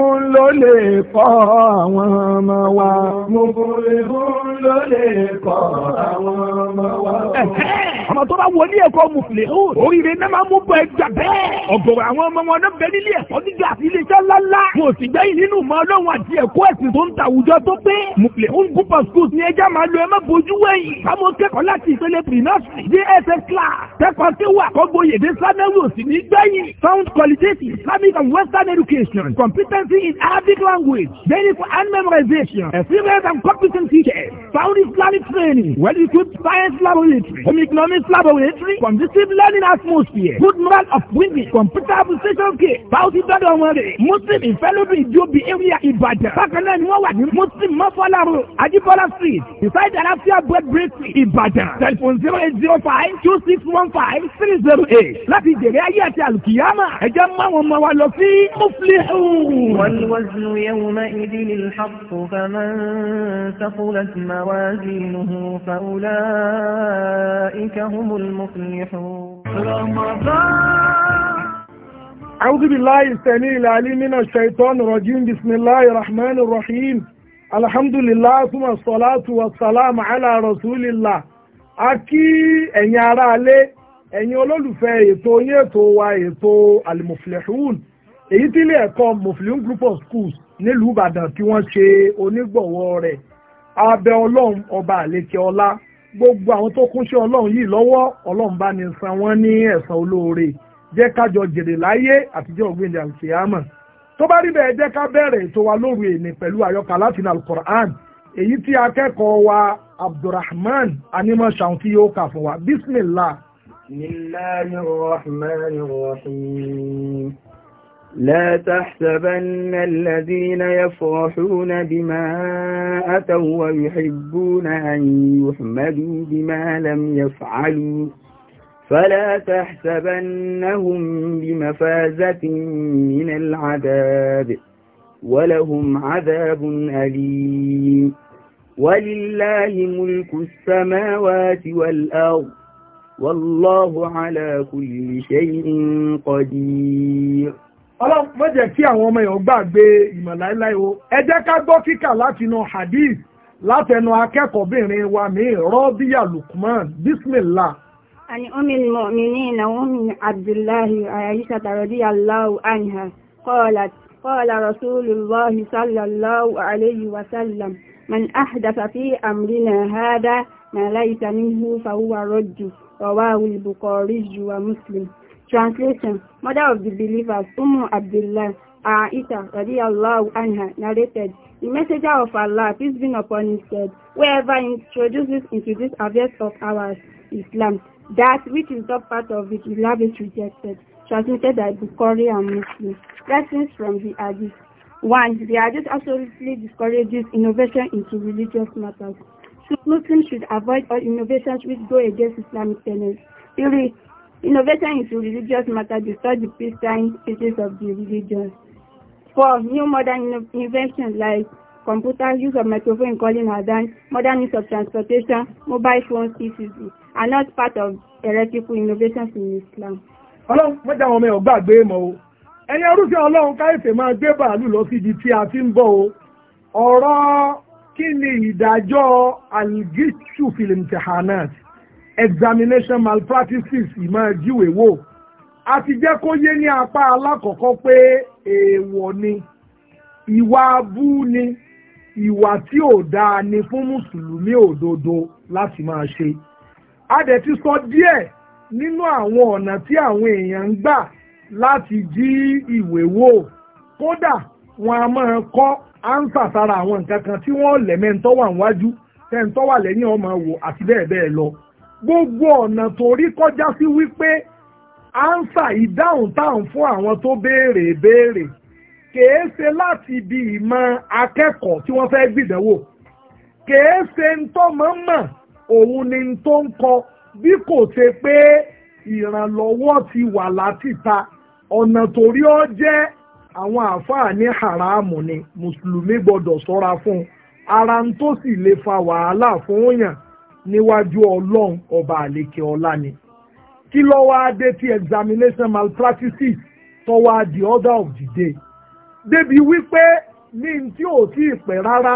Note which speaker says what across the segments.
Speaker 1: Fún ló lè kọ́ àwọn ọmọ wa. Mo fún ló lè kọ́ àwọn ọmọ wa àwọn tó bá wọ ní ẹ̀kọ́ mufilẹ̀ o oríire náà máa mú bọ ẹgbà bẹ́ẹ̀ ọ̀gọ̀rọ̀ àwọn ọmọ wọn náà bẹ nílé ẹ̀kọ́ gíga àti iléeṣẹ́ ńláńlá mo sì gbẹ́yìn nínú ìmọ̀ ọlọ́run àti ẹ̀kọ́ ẹ̀sìn tó ń ta àwùjọ tó pé mufilẹ̀ o group of schools ní ẹja máa lo ẹ má bojú wẹ̀yìn kámo kẹ́kọ̀ọ́ láti ìpele pre-nursery dss class kẹ́kọ̀ọ́ tí wà kọ́gboyèdè sanẹ́wì òsì ní sound qualitative islamic and western education competency in arabic language meaningful and memorization experience and competent teachers sound islamic training well-equipped science laboratory home is laboratory, conducive learning atmosphere, good moral of women, comfortable station care, bounty dọ́dọ̀ wọn rè. Muslim ìfẹ́lódù ìjọbi area Ìbàdàn. Bákan náà ni wọ́n wà ní Muslim Mọ́fọ́láro, Ajibola street, beside Alafia bread bakery Ìbàdàn. Telephone zero eight zero five two six one five three zero eight. Láti jèrè ayé àti Muflihu.
Speaker 2: والوزن يومئذ الحق فمن ثقلت موازينه فأولئك هم المفلحون
Speaker 1: رمضان أعوذ بالله السميع العليم من الشيطان الرجيم بسم الله الرحمن الرحيم الحمد لله ثم الصلاة والسلام على رسول الله akí ẹ̀yin ará alẹ́ ẹ̀yin olólùfẹ́ ètò yín ètò wa ètò alimuflehun èyí tí ilé ẹ̀kọ́ muflehun group of schools nílùú Ìbàdàn tí wọ́n ṣe onígbọ̀wọ́ rẹ̀ abẹ́ ọlọ́run ọba àlekè gbogbo àwọn tó kúnṣẹ́ ọlọ́run yìí lọ́wọ́ ọlọ́run bá ní san wọ́n ní ẹ̀san olóore jẹ́ kájọ jèrè láyé àtijọ́ ògbìn alkiyama tó bá rí bẹ́ẹ̀ jẹ́ ká bẹ̀rẹ̀ ètò wa lóru èní pẹ̀lú àyọkà láti nà alukur'an èyí tí akẹ́kọ̀ọ́ wa abdulrahman animal shanti yóò kà fún wa bismillah. bismillahir rahmanir rahim. لا تحسبن الذين يفرحون بما أتوا ويحبون أن يحمدوا بما لم يفعلوا فلا
Speaker 2: تحسبنهم بمفازة من العذاب ولهم عذاب أليم ولله
Speaker 1: ملك السماوات والأرض والله على كل شيء قدير ọlọ́run má jẹ́ kí àwọn ọmọ èèyàn gbàgbé ìmọ̀ láéláé o ẹ jẹ́ ká gbọ́ kíkà láti inú hadith látẹnu akẹ́kọ̀ọ́bìnrin wa mi rọ́bíyà lukman bismillah.
Speaker 2: àní omi mọ̀mìnì ìnáwó mi abdullahi ayayisa tàròdí aláwọ̀ àyìnhà kọ́ọ̀lá kọ́ọ̀lá sallallahu alayhi wa sallam man ahdasa fi amrina hada ma laysa minhu fahuwa rọ́jù rọ̀wá wùlbùkọ̀rí ju muslim. Translation Mother of the believers, Umm Abdullah, Aisha, Allah, anha, narrated, The messenger of Allah, peace be upon him, said, "Wherever he introduces into this affairs of ours, Islam, that which is not part of it, will Islam is rejected. Transmitted by Bukhari and Muslim. Lessons from the Hadith. One, The Hadith absolutely discourages innovation into religious matters. Muslims should avoid all innovations which go against Islamic tenets. Three." Innovation into religious matters to the pre-science pieces of the religion. Four, new modern inventions like computer, use of microphone calling adhan, modern use of transportation, mobile phones, CCD, are not part of heretical innovations in Islam.
Speaker 1: Ọlọ́run mẹ́ta àwọn ọmọ ẹ̀ gbàgbé mọ́ o. Ẹni ọdúnṣẹ́ Ọlọ́run káyọ̀fẹ́ máa gbé bàálù lọ síbi tí a ti ń bọ̀ o. Ọ̀rọ̀ kí ni ìdájọ́ Algishu Filimtahanat? examination malpractices ìmọ̀ jíwè wò a ti jẹ́ kó yé ní apá alákọ̀ọ́kọ́ pé èèwọ̀ ni ìwà abú ni ìwà tí ò dáa ni fún mùsùlùmí òdodo láti máa ṣe a dẹ̀ ti sọ díẹ̀ nínú àwọn ọ̀nà tí àwọn èèyàn ń gbà láti jí ìwé wò kódà wọn a máa kọ́ áńsà sára àwọn nǹkan kan tí wọ́n lẹ̀mẹ́ńtọ́ wà níwájú tẹ́ńtọ́ wà lẹ́yìn ọmọ wò àti bẹ́ẹ̀ bẹ́ẹ̀ lọ gbogbo ọ̀nà torí kọjá sí wípé ánsà ìdáhùn táwọn fún àwọn tó béèrè béèrè kèé ṣe láti ibi ìmọ̀ akẹ́kọ̀ọ́ tí wọ́n fẹ́ gbìdánwò kèé ṣe ń tọ́ mọ́ mọ̀ òun ni tó ń kọ bí kò ṣe pé ìrànlọ́wọ́ ti wà látìta ọ̀nà torí ọ jẹ́ àwọn àáfàá ní haramu ni mùsùlùmí gbọ́dọ̀ sọ́ra fún un ara ń tó sì lè fa wàhálà fún yàn níwájú ọlọ́run ọba àlekè ọlá ni kí ló wá dé tí examination malpractice toward the di order of the day débi wípé ní tí ò tí ì pẹ́ rárá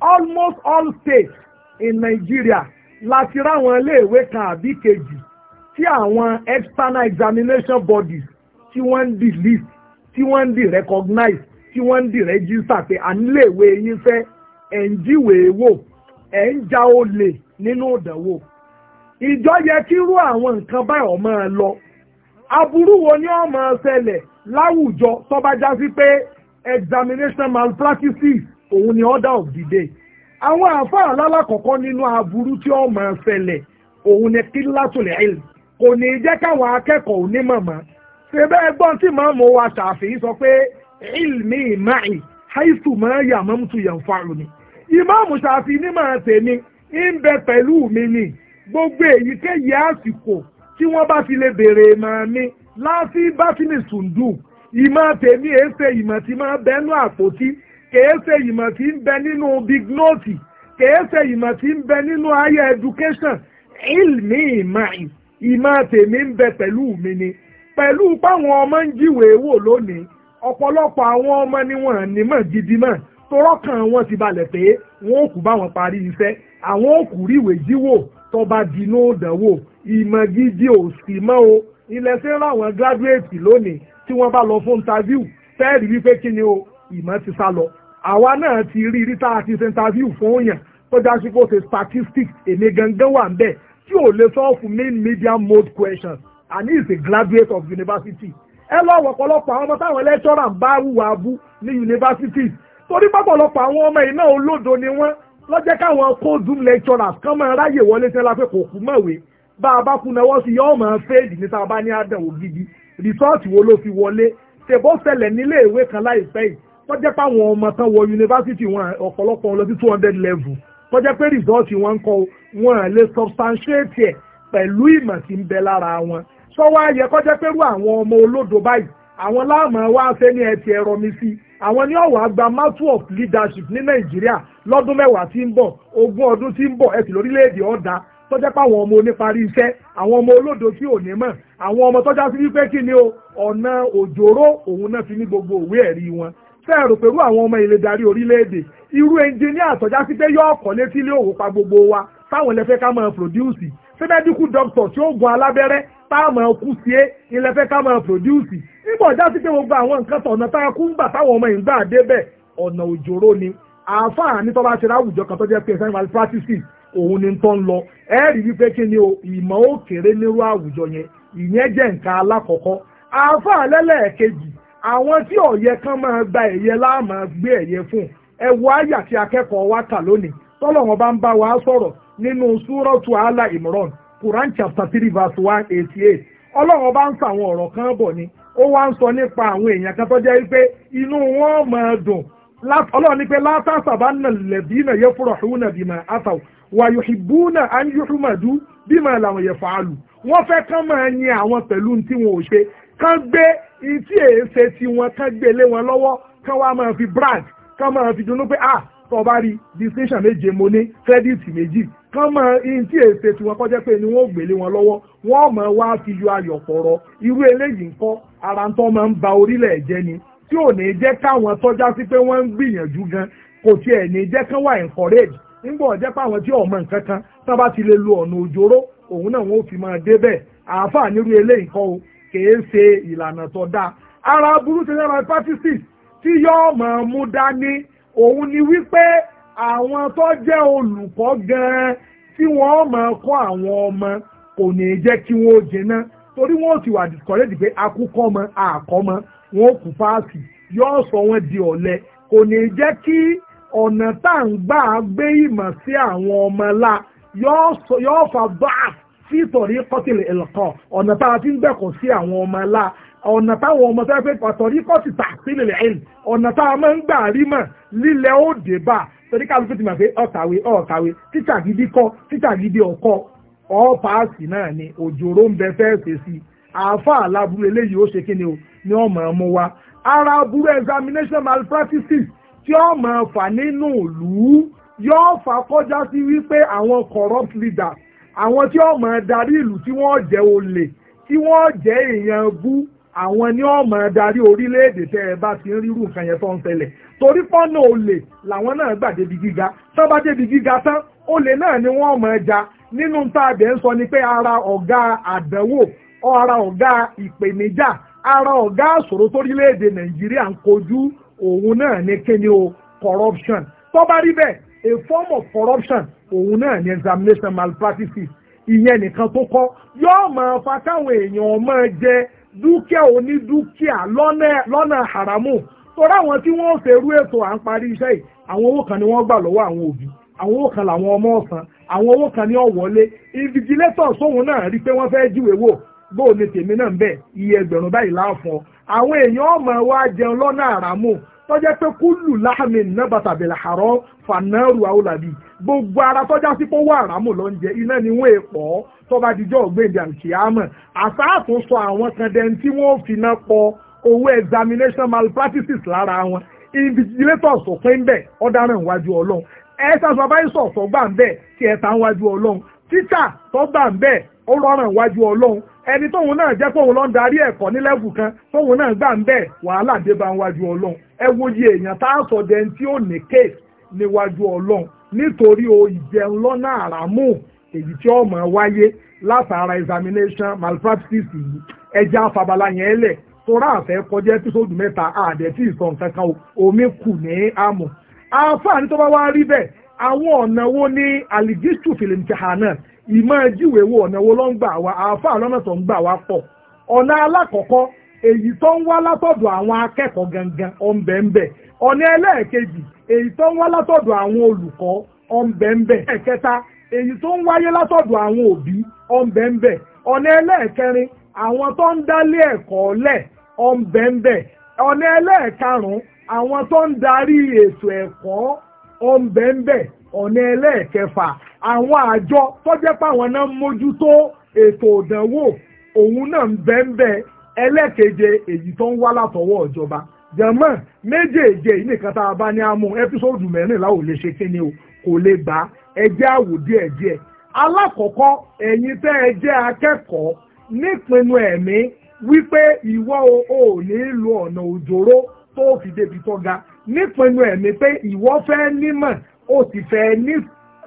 Speaker 1: almost all states in Nigeria láti ráwọn iléèwé kan àbí kejì tí àwọn external examination bodies tí wọ́n ń di list tí wọ́n ń di recognize tí wọ́n ń di register pé à ń léèwé yín fẹ́ ẹ̀ ń jíwèé wò ẹ̀ ń ja olè nínú ìdánwò ìjọ yẹ kí irú àwọn nǹkan báyìí ó máa lọ aburú wo ni ó máa ṣẹlẹ̀ láwùjọ tó bá já sí pé examination malpractice òun ni order of the day àwọn àáfàá alálàkọ̀kọ́ nínú aburú tí ó máa ṣẹlẹ̀ òun ni kí látòlẹ̀ ẹ̀lì kò ní jẹ́ káwọn akẹ́kọ̀ọ́ onímọ̀mọ́ ṣe bẹ́ẹ̀ gbọ́n tí màá mọ̀ wá ṣàfihàn sọ pé ilmi ma'i haitu ma yà mọ́mùtù yẹn fáwọn ni ìmáàmù ṣàfihàn ní màá tèmi ń bẹ pẹ̀lú mi ni gbogbo èyíkéyìí àsìkò tí wọ́n bá fi lè béèrè ìmọ̀ mi láti bá fi ní sùndù ìmọ̀ tèmi èé ṣe ìmọ̀ tí máa bẹnu àpótí kèé ṣe ìmọ̀ tí ń bẹ nínú big note kèé ṣe ìmọ̀ tí ń bẹ nínú higher education ilmi ìmọ̀ ìmọ̀ tèmi ń bẹ pẹ̀lú mi ni pẹ̀lú páwọn ọmọ ń jíwèé wò lónìí ọ̀pọ̀lọpọ̀ àwọn ọmọ ni wọ́n ní mọ̀ gidi mọ̀ torọ́kàn wọn ti balẹ̀ pé wọn ò kú bá parí iṣẹ́ àwọn òkúrí ìwé jíwò tọba dínú ìdánwò ìmọ̀ gidi ò sì mọ́ o ilẹ̀ ṣe ń ráwọn gíráduéètì lónìí tí wọ́n bá lọ fún interview fẹ́ẹ̀rí wípé kí ni o ìmọ̀ ti sá lọ àwa náà ti rí rí tá a ti ṣe interview fún yàn tó jásí kó ṣe statistics èmi gangan wà ń bẹ̀ tí ò lè sọ́ọ̀fù main media mode questions and he is a graduate of university ẹ lọ́wọ́ ọ̀pọ̀lọpọ̀ àwọn ọmọ táwọn lecturer ń bá hùwà abú ní university torí pọ̀pọ̀lọpọ̀ àwọn ọmọ yìí náà olódo ni wọ́n lọ́jẹ́ káwọn cold room lecturers kan máa ráyè wọlé sẹ́la pé kò kú mọ̀wé bá a bá kú náwó sí yọ́ máa fẹ́ẹ̀dì níta bá ní àdánwò gidi rìsọ́ọ̀tì wo ló fi wọlé ṣèbó ṣẹlẹ̀ nílé ìwé kan láìpẹ́ yìí tọ́jẹ́ páwọn ọmọ tán wọ yunifásitì wọn ọ̀pọ̀lọpọ̀ wọn lọ sí two hundred level tọ́jẹ́ pé rìsọ́ọ̀tì wọn ń kọ wọn lè substantiate ẹ̀ pẹ̀lú ìmọ̀ tí ń bẹ lára wọn sọ́wọ́ ayẹ kọ́jẹ́ pẹ̀lú àwọn ọmọ olódo báyìí àwọn láàmú wa ṣe ní ẹtì ẹ̀rọ mi sí àwọn ní ọ̀wọ́ àgbà master of leadership ní nàìjíríà lọ́dún mẹ́wàá tí ń bọ̀ ogún ọdún tí ń bọ̀ ẹtì lórílẹ̀‐èdè ọ̀dà tọ́jẹ́ pàwọn ọmọ oníparí iṣẹ́ àwọn ọmọ olódo tí ò ní mọ̀ àwọn ọmọ tọ́já sí wípé kí ni o ọ̀nà òjòrò òun náà fi ní gbogbo òwe ẹ̀rí wọn fẹ́ẹ̀rù pẹ̀lú àwọn ọmọ ilé darí orílẹ̀-èdè irú ẹnjìníà tọ́já sí pé yọ ọkọ̀ létí ilé òwò pa gbogbo wa táwọn ẹlẹ́fẹ́ ká máa pòdúùsì medical doctor tí ó gun alábẹ́rẹ́ táàmù ẹkú sí é e, ilẹ̀ fẹ́ ká máa produce nígbà ọjà sí pé gbogbo àwọn nǹkan tọ̀nà tá a kú ń gbà táwọn ọmọ ìgbà débẹ̀ ọ̀nà òjòrò ni àáfàá ní tọ́ba ṣe láwùjọ kan tó jẹ́ pé practices òun ni tó ń lọ ẹ rí kí ni o ìmọ̀ ó kéré nírú àwùjọ yẹn ìyẹn jẹ́ nǹkan alákọ̀ọ́kọ́ àáfàá lẹ́lẹ́ẹ̀kejì àwọn tí kan máa gba ẹ̀yẹ gbé ẹ̀yẹ fún àyà tí akẹ́kọ̀ọ́ wa kà lónìí nínú súrọ́tù àlà Imran Quran chapter three verse one eighty eight ọlọ́run bá ń sọ àwọn ọ̀rọ̀ kan bọ̀ ni ó wá ń sọ nípa àwọn èèyàn kan tó jẹ́ wípé inú wọn máa dùn ọlọ́run ní pé látàṣàbá nà lẹ̀bí nà yẹ fúrọ̀ ṣùgbọ́n nà bímọ àtàw wà yòṣìbú nà á ń yòṣù bímọ làwọn yẹ fàálù wọ́n fẹ́ kán máa yin àwọn pẹ̀lú tí wọn ò ṣe kán gbé tí èé tiwọn kán gbé wọn lọ́wọ́ kán wá máa fi brag kán máa fi dùnnú pé ah tó bá rí distinction méje mo ní kírẹ́dìtì méjì kán mọ ihun tí èsè tí wọn kọjá pé ni wọn ò gbélé wọn lọ́wọ́ wọn ò mọ̀ wá fi yọ ayọ̀ pọ̀rọ̀ irú eléyìí ńkọ́ ara ń tọ́ máa ń ba orílẹ̀ jẹ́ ni tí ò ní jẹ́ káwọn tọ́já sí pé wọ́n ń gbìyànjú gan kò tiẹ̀ ní jẹ́ kán wà encourage nígbà ọ̀jẹ́ pé àwọn tí ọmọ nǹkan kan tán bá ti lè lo ọ̀nà òjòrò òun náà wọn ò fi máa débẹ̀ àáfàá nírú eléyìí ńkọ́ o kèé ṣe ìlànà tó dáa ara burú ti lẹ́ra practices tí yóò máa mú dání òun ni wípé àwọn tó jẹ́ olùkọ́ gan-an tí wọ́n máa kọ́ àwọn ọmọ kò ní jẹ́ kí wọ́n jẹná torí wọ́n ti wà pé akúkọ́ mọ wọn kù fáàsì yóò sọ wọn di ọ̀lẹ kò ní jẹ́ kí ọ̀nà gbé ìmọ̀ sí àwọn ọmọ la fa báà sí ìtọ̀rí kọ́tìlì ẹ̀lọ́kọ̀ ọ̀nà ti ń sí àwọn ọmọ ọ̀nà táwọn ọmọ sẹ́fẹ́ pàtọ́rí kọ́ọ̀tì tà sílẹ̀ ẹ̀lì ọ̀nà táwọn máa ń gbà rí mọ̀ lílẹ̀ ó dé bá torí kálukú ti mọ̀ pé ọ̀kàwé ọ̀kàwé títà gidi kọ́ títà gidi ọ̀kọ́ ọ̀páàsì náà ni òjòrò ń bẹ fẹ́ ṣe sí àáfàá aláburú eléyìí ó ṣe kí ni o ni ọmọ ọmọ wa ara aburú examination malpractices tí ọmọ fà nínú ìlú yóò fà kọjá sí wípé àwọn corrupt leaders àwọn tí ọmọ darí ìlú tí wọ́n jẹ́ olè tí wọ́n jẹ́ èèyàn bú àwọn ni ó máa darí orílẹ̀-èdè tẹ́ ẹ bá ti ń rírù nǹkan yẹn tó ń ṣẹlẹ̀ torí pọ́nà olè làwọn náà gbà débi gíga tán bá débi gíga tán olè náà ni wọ́n máa ja nínú tá a bẹ̀ ń sọ ni pé ara ọ̀gá àdánwò ara ọ̀gá ìpèníjà ara ọ̀gá àṣòro torílẹ̀-èdè nàìjíríà ń kojú òun náà ni kíni o corruption tó bá rí bẹ́ẹ̀ a form of corruption òun náà ni examination malpractices ìyẹn nìkan tó kọ́ yóò máa fa káwọn èèyàn máa jẹ dúkìá onídúkìá lọ́nà haramu torí àwọn tí wọ́n fẹ́ rú ètò à ń parí iṣẹ́ yìí àwọn owó kan ni wọ́n gbà lọ́wọ́ àwọn òbí àwọn owó kan làwọn ọmọ ọ̀sán àwọn owó kan ní ọ̀wọ́lé invigilator sóhun náà rí pé wọ́n fẹ́ jíwè wò bó ní tèmi náà ń bẹ̀ iye ẹgbẹ̀rún báyìí láàfọ̀ àwọn èèyàn ọmọ wa jẹun lọ́nà àràmù tọ́jẹ́ pé kúlù láàmì nàbà tàbí làárọ̀ fanáàrù àwòlàbí gbogbo ara tọ́já sí pé àràmù ló iná ni wọ́n èèpọ̀ tó bá dijọ́ ògbéǹde àlùkìyàmọ̀ àsáàtún sọ àwọn kan dẹni tí wọ́n fi náà pọ owó examination malpractices lára wọn invigilators ò pé ń bẹ̀ ọ̀daràn ìwájú ọlọ́run ẹ̀ẹ́sà supervisor tó gbà ń bẹ̀ tí ẹ̀ta ń wájú ọlọ́run títà tó gbà ń bẹ̀ ó rọrùn ìwájú ọlọ́run ẹni tóun náà jẹ́ kóun lọ darí ẹ̀kọ́ ní lẹ́bù kan tóun náà gbà ń bẹ̀ wàhálà dé bá ń wájú ọlọ́run ẹ wo iye èèyàn tá a sọ dẹni ò ní kéèkì níwájú ọlọ́run nítorí o ìjẹun lọ́nà àràmù èyí tí ó máa wáyé látara examination malpractice yìí ẹja afabala yẹn lẹ̀ tora àfẹ́ kọjá ẹ́písòdù mẹ́ta àdẹ̀ tí ìsọ̀ nǹkan kan omi kù ní àmọ̀ àǹfààní tó bá wá rí bẹ́ẹ̀ àwọn ọ̀nà wo ní aligistu filimtihana ìmọ̀ ìjíwèé wo ọ̀nà wo ló ń gbà wá àǹfààní ọ̀nà tó ń gbà wá pọ̀ ọ̀nà alákọ̀ọ́kọ́ èyí tó ń wá látọ̀dọ̀ àwọn akẹ́kọ̀ọ́ gangan ọ̀nbẹ̀ǹbẹ̀ ọ̀nà ẹlẹ́ẹ̀kejì èyí tó ń wá látọ̀dọ̀ àwọn olùkọ́ ọ̀nbẹ̀ǹbẹ̀ ẹ̀kẹta èyí tó ń wáyé látọ̀dọ̀ àwọn òbí ọ̀nbẹ̀ǹbẹ̀ ọ̀nà ẹlẹ́ẹ̀kẹrin àwọn tó ń dálé ẹ̀kọ́ lẹ̀ ọ̀nbẹ̀ǹbẹ̀ ọ̀nà ẹlẹ́ẹ̀karùn-ún àwọn tó ń darí ètò ẹ̀kọ́ ọ̀nbẹ̀ǹbẹ̀ ọ̀nà ẹlẹ́ẹ̀kẹfà àwọn àjọ tó jẹ́ páwọn náà mójútó ètò ìdánwò òun náà ń bẹ́ńbẹ́ ẹlẹ́keje èyí tó ń wá látọwọ́ ìjọba jẹ̀mọ́ méjèèjì nìkan tá a bá ní amú ẹ́písòdù mẹ́rìnlá ò lè ṣe kíni o kò lè gbà á ẹ jẹ́ á wò díẹ̀ díẹ̀ alákọ̀ọ́kọ́ ẹ̀yin tẹ́ ẹ jẹ́ akẹ́kọ̀ọ́ nípinnu ẹ̀mí wípé ìwọ o ò ní lo ọ̀nà òjòrò tó fi débi tó ga nípinnu ẹ̀mí pé ìwọ fẹ́ nímọ̀ o sì fẹ́ ní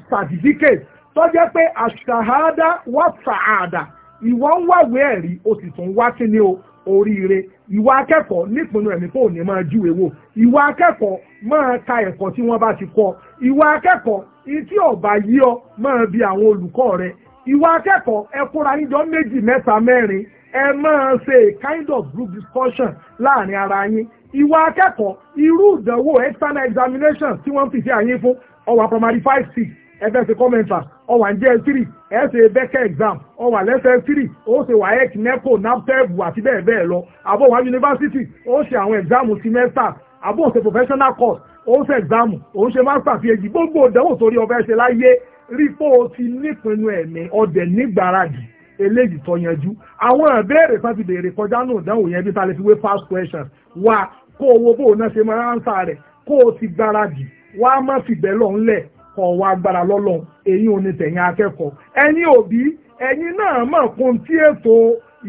Speaker 1: certificate tó jẹ́ pé àṣàhádá wà sàádà ìwọ ń wáwé ẹ̀rí o sì tún wá sí ní o oríire ìwà akẹ́kọ̀ọ́ nípinnu ẹ̀mí kò ní máa júwe wò ìwà akẹ́kọ̀ọ́ máa ka ẹ̀kọ́ tí wọ́n bá ti kọ ìwà akẹ́kọ̀ọ́ ìtí ọ̀bà yí ọ máa bi àwọn olùkọ́ rẹ ìwà akẹ́kọ̀ọ́ ẹ kóra níjọ méjì mẹ́ta mẹ́rin ẹ máa ṣe a kind of group discussion láàrin ara yín ìwà akẹ́kọ̀ọ́ irú ìdánwò external examination tí wọ́n fi ṣe àyín fún ọwà primary five six ẹgbẹ́ ṣe kọ́mẹ́ntà ọwà jẹ́ three ẹ ṣe bẹ́kẹ́ exam ọwà lẹ́sẹ̀ three ó ṣe waec neco naptep àti bẹ́ẹ̀ bẹ́ẹ̀ lọ àbọ̀wá yunifásitì ó ṣe àwọn exam semester àbọ̀ṣe professional course òun ṣe exam òun ṣe master phd gbogbo ìdánwò torí ọbẹ̀ ṣe láyé rí pé o ti nípinnu ẹ̀mí ọdẹ nígbàradì eléyìí tó yanjú àwọn ìbéèrè kan ti béèrè kọjá náà ìdánwò yẹn bí ta fi wé fast questions wá kó o wo bó o náà ṣe máa ń sá rẹ̀ kó o ti gbáradì wá má fi bẹ́ẹ̀ lọ ńlẹ̀ kọ̀ wá agbára lọ́lọ́run èyí ò ní tẹ̀yìn akẹ́kọ̀ọ́ ẹ̀yin òbí ẹ̀yin náà mọ̀ kún tí ètò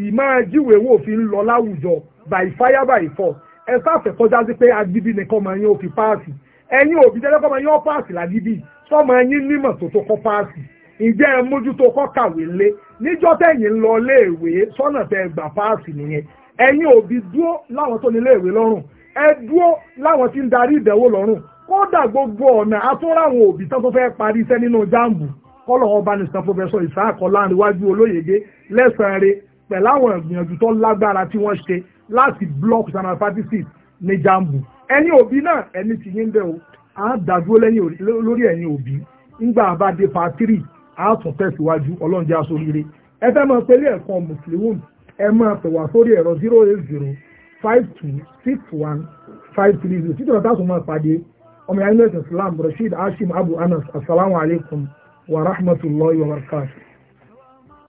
Speaker 1: ìmáàjíwèé wò fi ń lọ láwùjọ by fire by force ẹ sáfẹ́ kọjá sí pé agídí nìkan máa yín ó fi páàsì ẹ̀yin òbí jẹ́ lọ́kọ́ máa yín ó páàsì làgídí sọ́mọ yín nímọ̀ tó tó kọ́ páàsì ìjẹ́ ẹ mójútó kọ́ kàwé lé níjọ́ tẹ̀yìn lọ léèwé sọ́nà tẹ́ gbà páàsì nìyẹn ẹ̀yin òbí dúró láwọn tó ní léèwé lọ́rùn ẹ dúró láwọn tí ń darí ìdánwò lọ́rùn kódà gbogbo ọ̀nà atúnráwọn òbí tán tó fẹ́ parí iṣẹ́ nínú jáàmù kọ́lọ̀ ọba pọfẹsọ ìsáàkọ́ láàrin wájú olóyèdè lẹ́sàn-án rẹ̀ pẹ̀láwọn ìgbìyànjú tó lágbára tí wọ́n ṣe láti block sanal practices ní jambu ẹni òbí náà ẹni tí yín bẹ́ẹ̀ o à ń dàdúró lórí ẹ̀yin òbí ńgbà àbádé part three à tún tẹ̀síwájú ọlọ́njẹ́ aṣoríire ẹ fẹ́ máa pélé ẹ̀kọ́ mùsùlùmí ẹ máa pè wá sórí ẹ̀rọ zero eight zero five two six one five three zero títí ọ̀tá tó máa pàdé ọmọ yàrá ilé ìsìn Islam Rasheed Hashim Abu Anas asalaamualeykum wa rahmatulahi wa barakatuh.